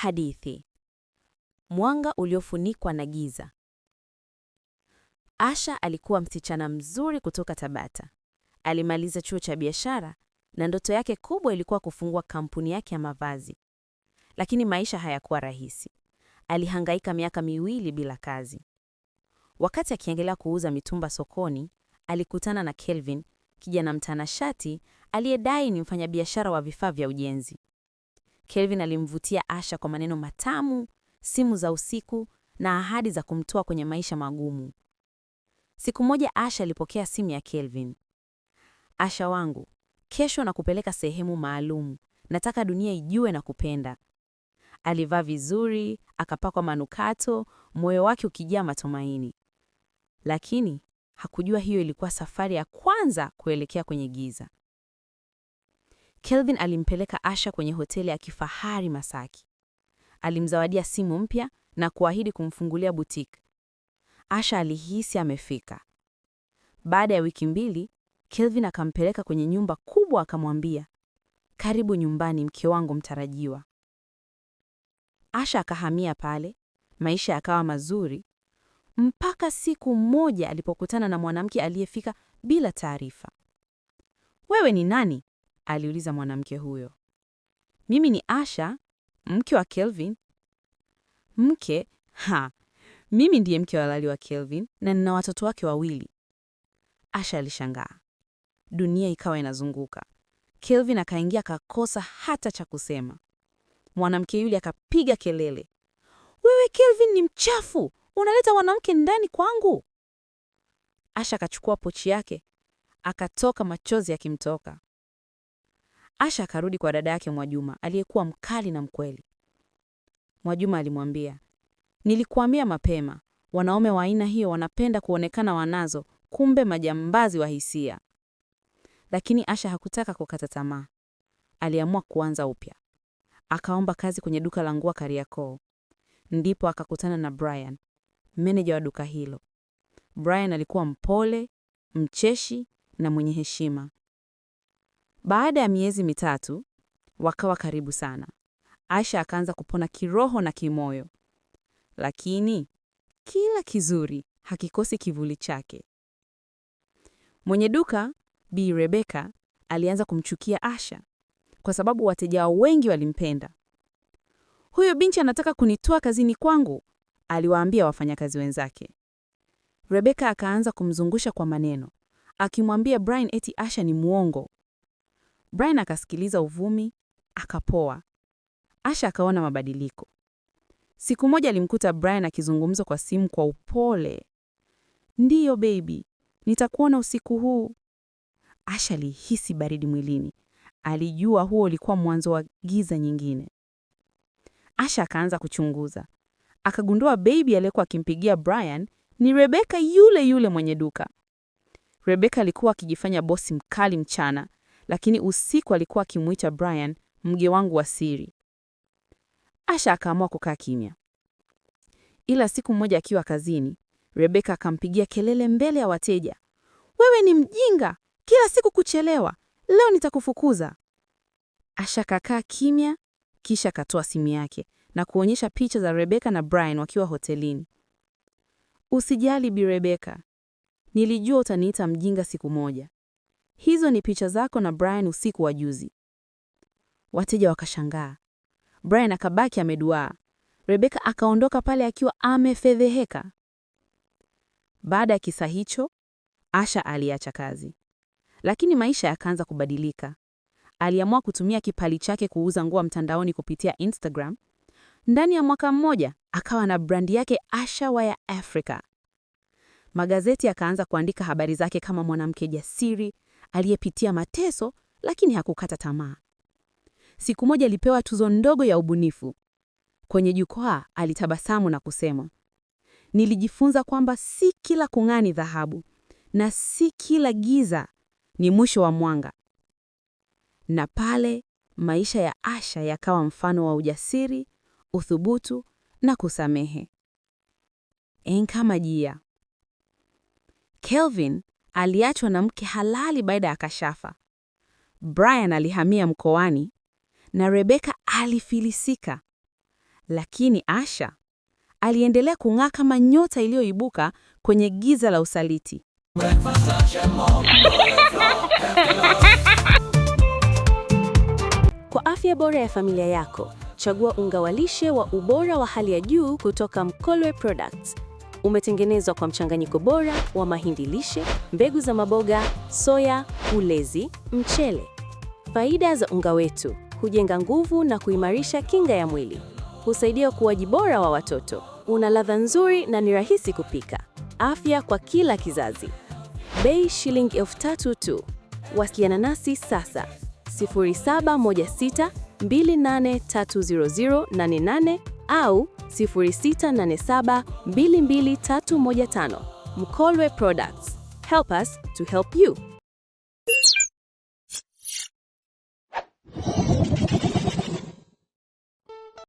Hadithi: mwanga uliofunikwa na giza. Asha alikuwa msichana mzuri kutoka Tabata. Alimaliza chuo cha biashara na ndoto yake kubwa ilikuwa kufungua kampuni yake ya mavazi, lakini maisha hayakuwa rahisi. Alihangaika miaka miwili bila kazi. Wakati akiendelea kuuza mitumba sokoni, alikutana na Kelvin, kijana mtanashati aliyedai ni mfanyabiashara wa vifaa vya ujenzi. Kelvin alimvutia Asha kwa maneno matamu, simu za usiku na ahadi za kumtoa kwenye maisha magumu. Siku moja Asha alipokea simu ya Kelvin. Asha wangu, kesho nakupeleka sehemu maalum, nataka dunia ijue na kupenda. Alivaa vizuri, akapakwa manukato, moyo wake ukijaa matumaini. Lakini hakujua hiyo ilikuwa safari ya kwanza kuelekea kwenye giza. Kelvin alimpeleka Asha kwenye hoteli ya kifahari Masaki. Alimzawadia simu mpya na kuahidi kumfungulia boutique. Asha alihisi amefika. Baada ya wiki mbili, Kelvin akampeleka kwenye nyumba kubwa akamwambia, "Karibu nyumbani mke wangu mtarajiwa." Asha akahamia pale, maisha yakawa mazuri mpaka siku moja alipokutana na mwanamke aliyefika bila taarifa. "Wewe ni nani?" aliuliza mwanamke huyo. Mimi ni Asha, mke wa Kelvin. Mke? Ha, mimi ndiye mke halali wa Kelvin na nina watoto wake wawili. Asha alishangaa. Dunia ikawa inazunguka. Kelvin akaingia akakosa hata cha kusema. Mwanamke yule akapiga kelele, wewe Kelvin ni mchafu, unaleta mwanamke ndani kwangu. Asha akachukua pochi yake, akatoka machozi yakimtoka. Asha akarudi kwa dada yake Mwajuma aliyekuwa mkali na mkweli. Mwajuma alimwambia, nilikuambia mapema, wanaume wa aina hiyo wanapenda kuonekana wanazo, kumbe majambazi wa hisia. Lakini Asha hakutaka kukata tamaa, aliamua kuanza upya. Akaomba kazi kwenye duka la nguo Kariakoo. Ndipo akakutana na Brian, meneja wa duka hilo. Brian alikuwa mpole, mcheshi na mwenye heshima. Baada ya miezi mitatu wakawa karibu sana. Asha akaanza kupona kiroho na kimoyo, lakini kila kizuri hakikosi kivuli chake. Mwenye duka Bi Rebeka alianza kumchukia Asha kwa sababu wateja wengi walimpenda. Huyo binti anataka kunitoa kazini kwangu, aliwaambia wafanyakazi wenzake. Rebeka akaanza kumzungusha kwa maneno, akimwambia Brian eti Asha ni muongo, Brian akasikiliza uvumi, akapoa. Asha akaona mabadiliko. Siku moja alimkuta Brian akizungumza kwa simu kwa upole. Ndiyo baby, nitakuona usiku huu. Asha alihisi baridi mwilini. Alijua huo ulikuwa mwanzo wa giza nyingine. Asha akaanza kuchunguza. Akagundua baby aliyekuwa akimpigia Brian ni Rebeka yule yule mwenye duka. Rebeka alikuwa akijifanya bosi mkali mchana, lakini usiku alikuwa akimuita Brian mge wangu wa siri. Asha akaamua kukaa kimya, ila siku mmoja akiwa kazini, Rebeka akampigia kelele mbele ya wateja, wewe ni mjinga, kila siku kuchelewa, leo nitakufukuza. Asha kakaa kimya, kisha katoa simu yake na kuonyesha picha za Rebeka na Brian wakiwa hotelini. Usijali Bi Rebeka, nilijua utaniita mjinga siku moja, hizo ni picha zako na Brian usiku wa juzi. Wateja wakashangaa, Brian akabaki ameduaa. Rebeka akaondoka pale akiwa amefedheheka. Baada ya kisa hicho, Asha aliacha kazi, lakini maisha yakaanza kubadilika. Aliamua kutumia kipali chake kuuza nguo mtandaoni kupitia Instagram. Ndani ya mwaka mmoja akawa na brandi yake Asha Waya Africa. Magazeti yakaanza kuandika habari zake kama mwanamke jasiri, aliyepitia mateso lakini hakukata tamaa. Siku moja alipewa tuzo ndogo ya ubunifu. Kwenye jukwaa alitabasamu na kusema, nilijifunza kwamba si kila kung'aa ni dhahabu na si kila giza ni mwisho wa mwanga. Na pale maisha ya Asha yakawa mfano wa ujasiri, uthubutu na kusamehe. Enka jia Kelvin aliachwa na mke halali baada ya kashafa. Brian alihamia mkoani na Rebeka alifilisika, lakini Asha aliendelea kung'aa kama nyota iliyoibuka kwenye giza la usaliti. Kwa afya bora ya familia yako, chagua unga wa lishe wa ubora wa hali ya juu kutoka Mkolwe Products umetengenezwa kwa mchanganyiko bora wa mahindi lishe, mbegu za maboga, soya, ulezi, mchele. Faida za unga wetu: hujenga nguvu na kuimarisha kinga ya mwili, husaidia ukuaji bora wa watoto, una ladha nzuri na ni rahisi kupika, afya kwa kila kizazi. Bei shilingi elfu tatu tu. Wasiliana nasi sasa 0716283088 au 0687223115. Mkolwe Products. Help us to help you.